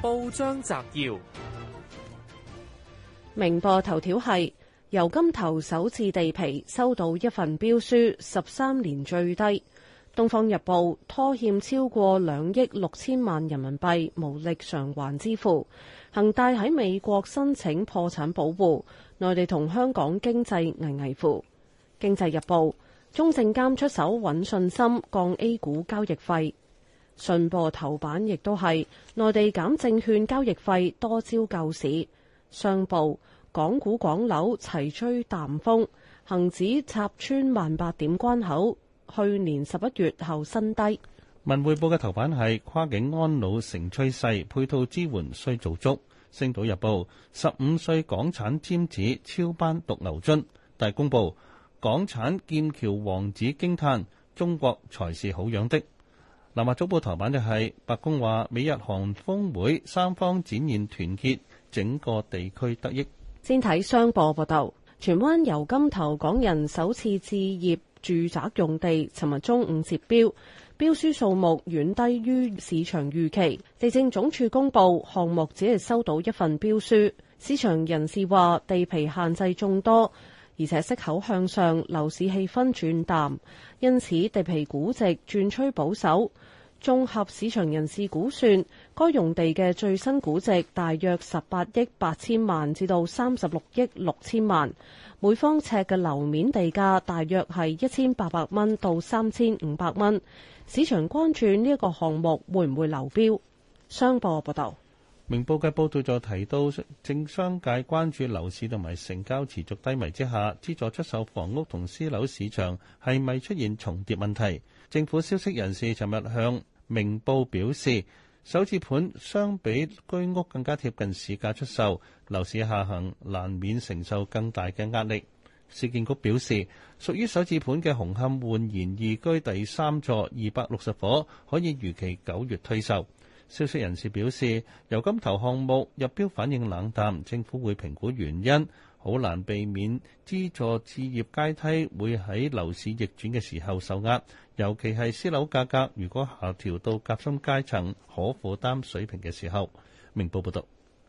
報章摘要：明報頭條係，由金頭首次地皮收到一份標書，十三年最低。東方日報，拖欠超過兩億六千萬人民幣，無力償還支付。恒大喺美國申請破產保護。內地同香港經濟危危乎。經濟日報，中證監出手穩信心，降 A 股交易費。信報頭版亦都係內地減證券交易費多招救市，商報港股港樓齊吹淡風，恆指插穿萬八點關口，去年十一月後新低。文匯報嘅頭版係跨境安老成趨勢，配套支援需做足。星島日報十五歲港產尖子超班奪牛津。大公報港產劍橋王子驚嘆中國才是好養的。《南華早報》頭版就係、是、白宮話美日韓峯會三方展現團結，整個地區得益。先睇商報報道，荃灣油柑頭港人首次置業住宅用地，尋日中午截標，標書數目遠低於市場預期。地政總署公佈項目只係收到一份標書。市場人士話地皮限制眾多，而且息口向上，樓市氣氛轉淡，因此地皮估值轉趨保守。綜合市場人士估算，該用地嘅最新估值大約十八億八千萬至到三十六億六千萬，每方尺嘅樓面地價大約係一千八百蚊到三千五百蚊。市場關注呢一個項目會唔會流標。商報報道，明報嘅報道就提到，政商界關注樓市同埋成交持續低迷之下，資助出售房屋同私樓市場係咪出現重疊問題。政府消息人士尋日向明報表示，首置盤相比居屋更加貼近市價出售，樓市下行難免承受更大嘅壓力。市建局表示，屬於首置盤嘅紅磡煥然懿居第三座二百六十伙可以預期九月推售。消息人士表示，由金頭項目入標反應冷淡，政府會評估原因，好難避免資助置業階梯會喺樓市逆轉嘅時候受壓。尤其係私樓價格，如果下調到夾心階層可負擔水平嘅時候。明報報道：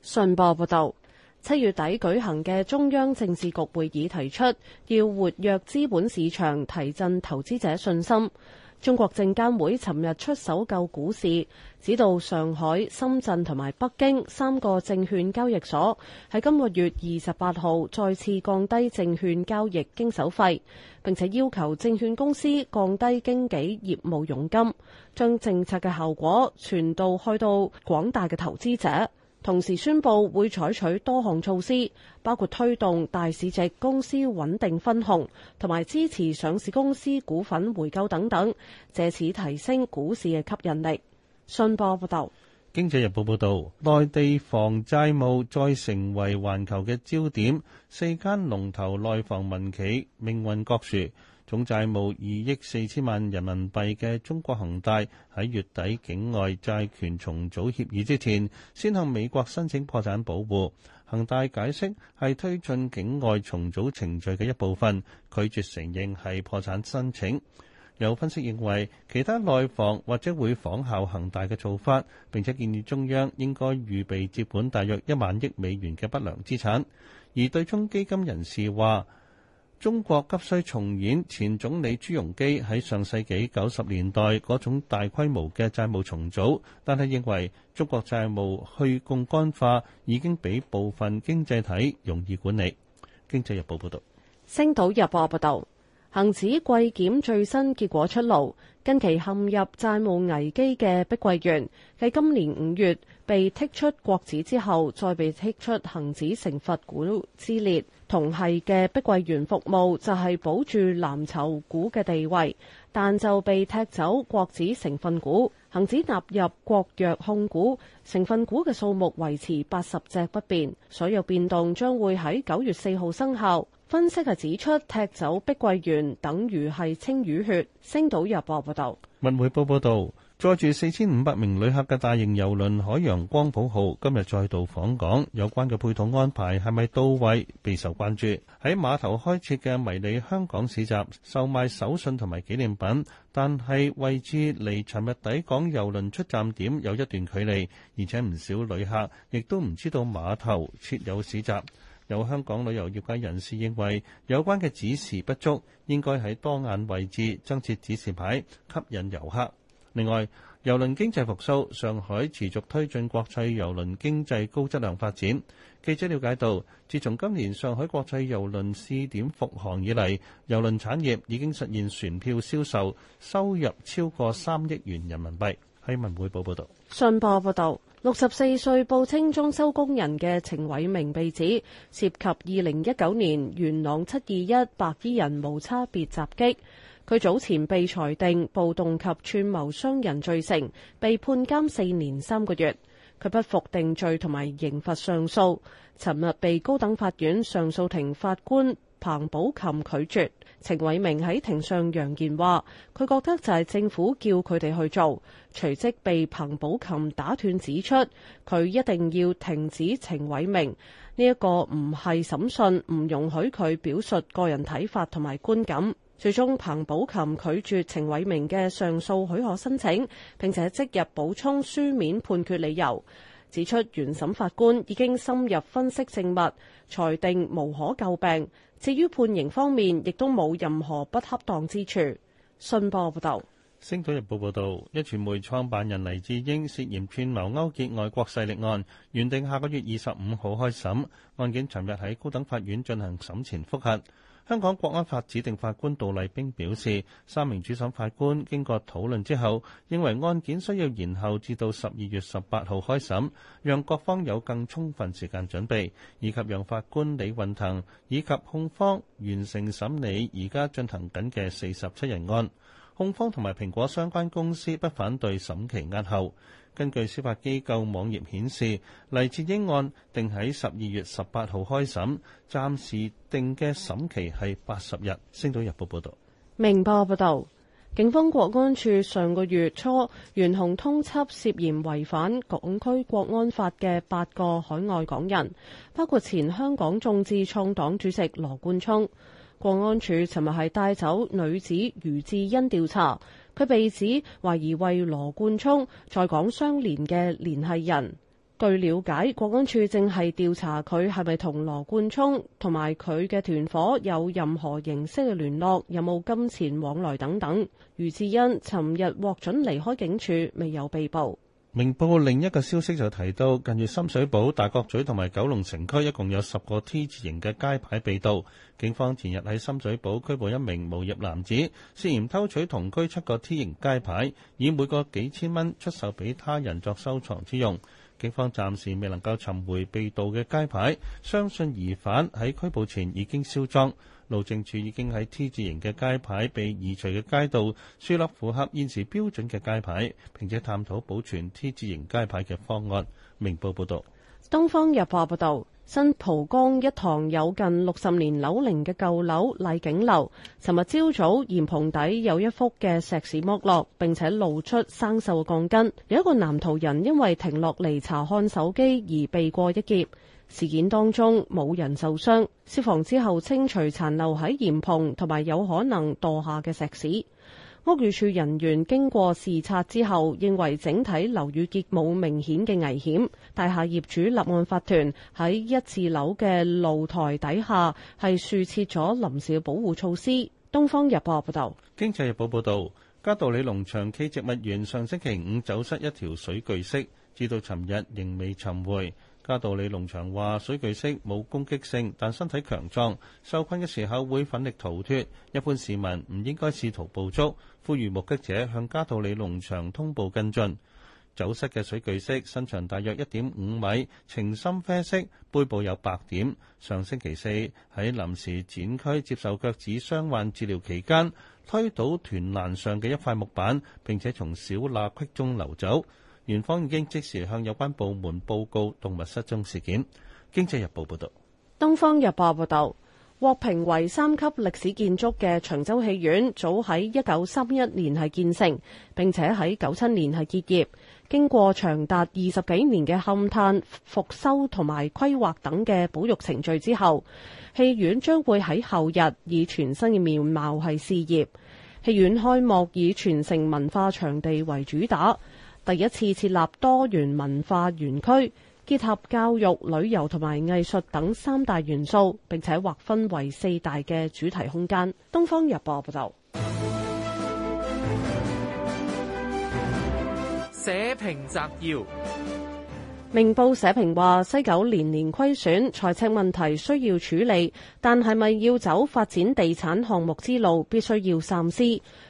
信報報道，七月底舉行嘅中央政治局會議提出，要活躍資本市場，提振投資者信心。中國證監會尋日出手救股市，指導上海、深圳同埋北京三個證券交易所喺今個月二十八號再次降低證券交易經手費，並且要求證券公司降低經紀業務佣金，將政策嘅效果傳導去到廣大嘅投資者。同時宣布會採取多項措施，包括推動大市值公司穩定分紅同埋支持上市公司股份回購等等，借此提升股市嘅吸引力。信報報道。經濟日報報道，內地房債務再成為環球嘅焦點，四間龍頭內房民企命運各殊。總債務二億四千萬人民幣嘅中國恒大喺月底境外債權重組協議之前，先向美國申請破產保護。恒大解釋係推進境外重組程序嘅一部分，拒絕承認係破產申請。有分析認為，其他內房或者會仿效恒大嘅做法，並且建議中央應該預備接管大約一萬億美元嘅不良資產。而對沖基金人士話。中國急需重演前總理朱鎔基喺上世紀九十年代嗰種大規模嘅債務重組，但係認為中國債務去槓桿化已經比部分經濟體容易管理。經濟日報報道，星島日報報道，恒指季檢最新結果出爐，近期陷入債務危機嘅碧桂園，繼今年五月被剔出國指之後，再被剔出恒指成份股之列。同系嘅碧桂園服務就係保住藍籌股嘅地位，但就被踢走國指成分股。恒指納入國藥控股成分股嘅數目維持八十隻不變，所有變動將會喺九月四號生效。分析係指出，踢走碧桂園等於係清淤血。星島日報報道。文載住四千五百名旅客嘅大型郵輪海洋光譜號今日再度訪港，有關嘅配套安排係咪到位備受關注。喺碼頭開設嘅迷你香港市集售賣手信同埋紀念品，但係位置離尋日抵港郵輪出站點有一段距離，而且唔少旅客亦都唔知道碼頭設有市集。有香港旅遊業界人士認為，有關嘅指示不足，應該喺當眼位置增設指示牌，吸引遊客。另外，郵輪經濟復甦，上海持續推進國際郵輪經濟高質量發展。記者了解到，自從今年上海國際郵輪試點復航以嚟，郵輪產業已經實現船票銷售收入超過三億元人民幣。喺文匯報報道，信報報道，六十四歲報稱裝修工人嘅程偉明被指涉及二零一九年元朗七二一白衣人無差別襲擊。佢早前被裁定暴動及串謀傷人罪成，被判監四年三個月。佢不服定罪同埋刑罰上訴，尋日被高等法院上訴庭法官彭寶琴拒絕。程偉明喺庭上揚言話，佢覺得就係政府叫佢哋去做。隨即被彭寶琴打斷指出，佢一定要停止程偉明呢一個唔係審訊，唔容許佢表述個人睇法同埋觀感。最終，彭寶琴拒絕程偉明嘅上訴許可申請，並且即日補充書面判決理由，指出原審法官已經深入分析證物，裁定無可救病。至於判刑方面，亦都冇任何不恰當之處。信報報導。星島日報報導，一傳媒創辦人黎智英涉嫌串謀勾結外國勢力案，原定下個月二十五號開審，案件尋日喺高等法院進行審前複核。香港國安法指定法官杜麗冰表示，三名主審法官經過討論之後，認為案件需要延後至到十二月十八號開審，讓各方有更充分時間準備，以及讓法官李運騰以及控方完成審理，而家進行緊嘅四十七人案。控方同埋蘋果相關公司不反對審期押後。根據司法機構網頁顯示，黎智英案定喺十二月十八號開審，暫時定嘅審期係八十日。星島日報報道。明報報道，警方國安處上個月初懸紅通緝涉嫌違反港區國安法嘅八個海外港人，包括前香港眾志創黨主席羅冠聰。國安處尋日係帶走女子余志恩調查，佢被指懷疑為羅冠聰在港相連嘅聯繫人。據了解，國安處正係調查佢係咪同羅冠聰同埋佢嘅團伙有任何形式嘅聯絡，有冇金錢往來等等。余志恩尋日獲准離開警署，未有被捕。明報另一個消息就提到，近月深水埗、大角咀同埋九龍城區一共有十個 T 字型嘅街牌被盜，警方前日喺深水埗拘捕一名無業男子，涉嫌偷取同區七個 T 型街牌，以每個幾千蚊出售俾他人作收藏之用。警方暫時未能夠尋回被盜嘅街牌，相信疑犯喺拘捕前已經銷贓。路政署已經喺 T 字形嘅街牌被移除嘅街道，樹立符合現時標準嘅街牌，並且探討保存 T 字形街牌嘅方案。明報報道：東方日報報道，新蒲崗一堂有近六十年樓齡嘅舊樓麗景樓，尋日朝早簷篷底有一幅嘅石屎剝落，並且露出生鏽嘅鋼筋，有一個男途人因為停落嚟查看手機而避過一劫。事件當中冇人受傷，消防之後清除殘留喺檐篷同埋有可能墮下嘅石屎。屋宇署人員經過視察之後，認為整體樓宇結構冇明顯嘅危險。大廈業主立案法團喺一字樓嘅露台底下係豎設咗臨時保護措施。《東方日報》報道。《經濟日報》報道，嘉道理農場暨植物園上星期五走失一條水巨蜥，至到尋日仍未尋回。加道里農場話：水巨蜥冇攻擊性，但身體強壯，受困嘅時候會奮力逃脱。一般市民唔應該試圖捕捉，呼籲目擊者向嘉道理農場通報跟進。走失嘅水巨蜥身長大約一點五米，呈深啡色，背部有白點。上星期四喺臨時展區接受腳趾傷患治療期間，推倒團欄上嘅一塊木板，並且從小罅隙中溜走。園方已經即時向有關部門報告動物失蹤事件。經濟日報報道：東方日報報道，獲評為三級歷史建築嘅長洲戲院，早喺一九三一年係建成，並且喺九七年係結業。經過長達二十幾年嘅勘探、復修同埋規劃等嘅保育程序之後，戲院將會喺後日以全新嘅面貌係事業戲院開幕，以全城文化場地為主打。第一次設立多元文化園區，結合教育、旅遊同埋藝術等三大元素，並且劃分為四大嘅主題空間。東方日報報道。社評摘要。明報社評話西九年年虧損，財政問題需要處理，但係咪要走發展地產項目之路，必須要三思。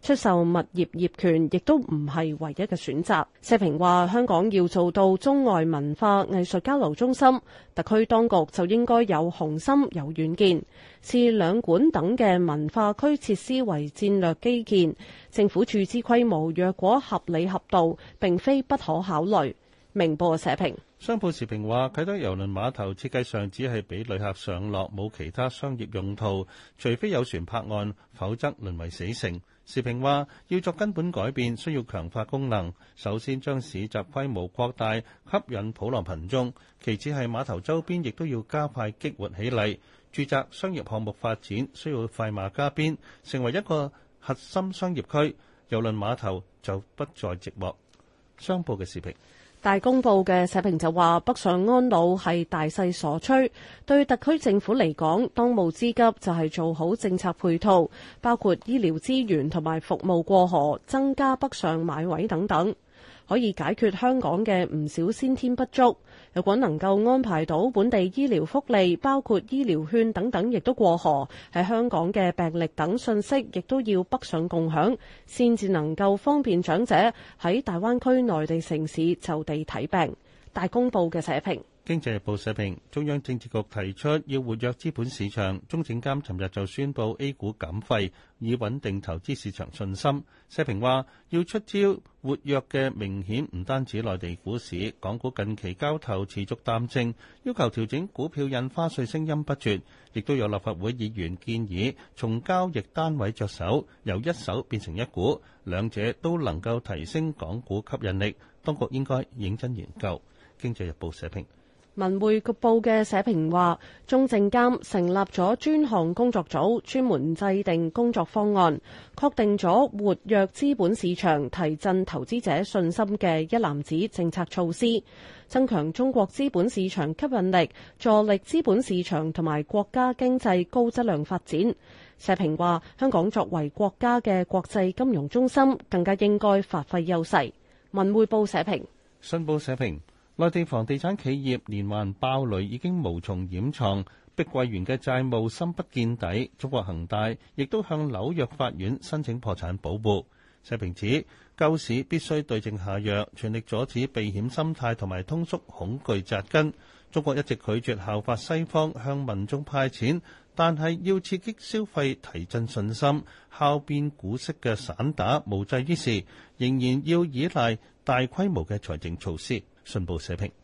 出售物業業權亦都唔係唯一嘅選擇。社評話香港要做到中外文化藝術交流中心，特區當局就應該有雄心有遠見，視兩館等嘅文化區設施為戰略基建，政府注資規模若果合理合度，並非不可考慮。明報社評，商報時評話啟德郵輪碼頭設計上只係俾旅客上落，冇其他商業用途。除非有船泊岸，否則淪為死城。時評話要作根本改變，需要強化功能。首先將市集規模擴大，吸引普羅群眾，其次係碼頭周邊亦都要加快激活起嚟。住宅商業項目發展需要快馬加鞭，成為一個核心商業區。郵輪碼頭就不再寂寞。商報嘅時評。大公報嘅社評就話：北上安老係大勢所趨，對特區政府嚟講，當務之急就係做好政策配套，包括醫療資源同埋服務過河，增加北上買位等等。可以解決香港嘅唔少先天不足。如果能夠安排到本地醫療福利，包括醫療券等等，亦都過河，喺香港嘅病歷等信息，亦都要北上共享，先至能夠方便長者喺大灣區內地城市就地睇病。大公報嘅社評。經濟日報社評：中央政治局提出要活躍資本市場，中證監尋日就宣布 A 股減費，以穩定投資市場信心。社評話：要出招活躍嘅明顯唔單止內地股市，港股近期交投持續淡靜，要求調整股票印花稅聲音不絕，亦都有立法會議員建議從交易單位着手，由一手變成一股，兩者都能夠提升港股吸引力。當局應該認真研究。經濟日報社評。文匯報嘅社評話，中證監成立咗專項工作組，專門制定工作方案，確定咗活躍資本市場、提振投資者信心嘅一攬子政策措施，增強中國資本市場吸引力，助力資本市場同埋國家經濟高質量發展。社評話，香港作為國家嘅國際金融中心，更加應該發揮優勢。文匯報社評，信報社評。內地房地產企業連環爆雷已經無從掩藏，碧桂園嘅債務深不見底。中國恒大亦都向紐約法院申請破產保護。社評指，救市必須對症下藥，全力阻止避險心態同埋通縮恐懼紮根。中國一直拒絕效法西方向民眾派錢，但係要刺激消費、提振信心，靠變股息嘅散打無濟於事，仍然要依賴大規模嘅財政措施。信報社評。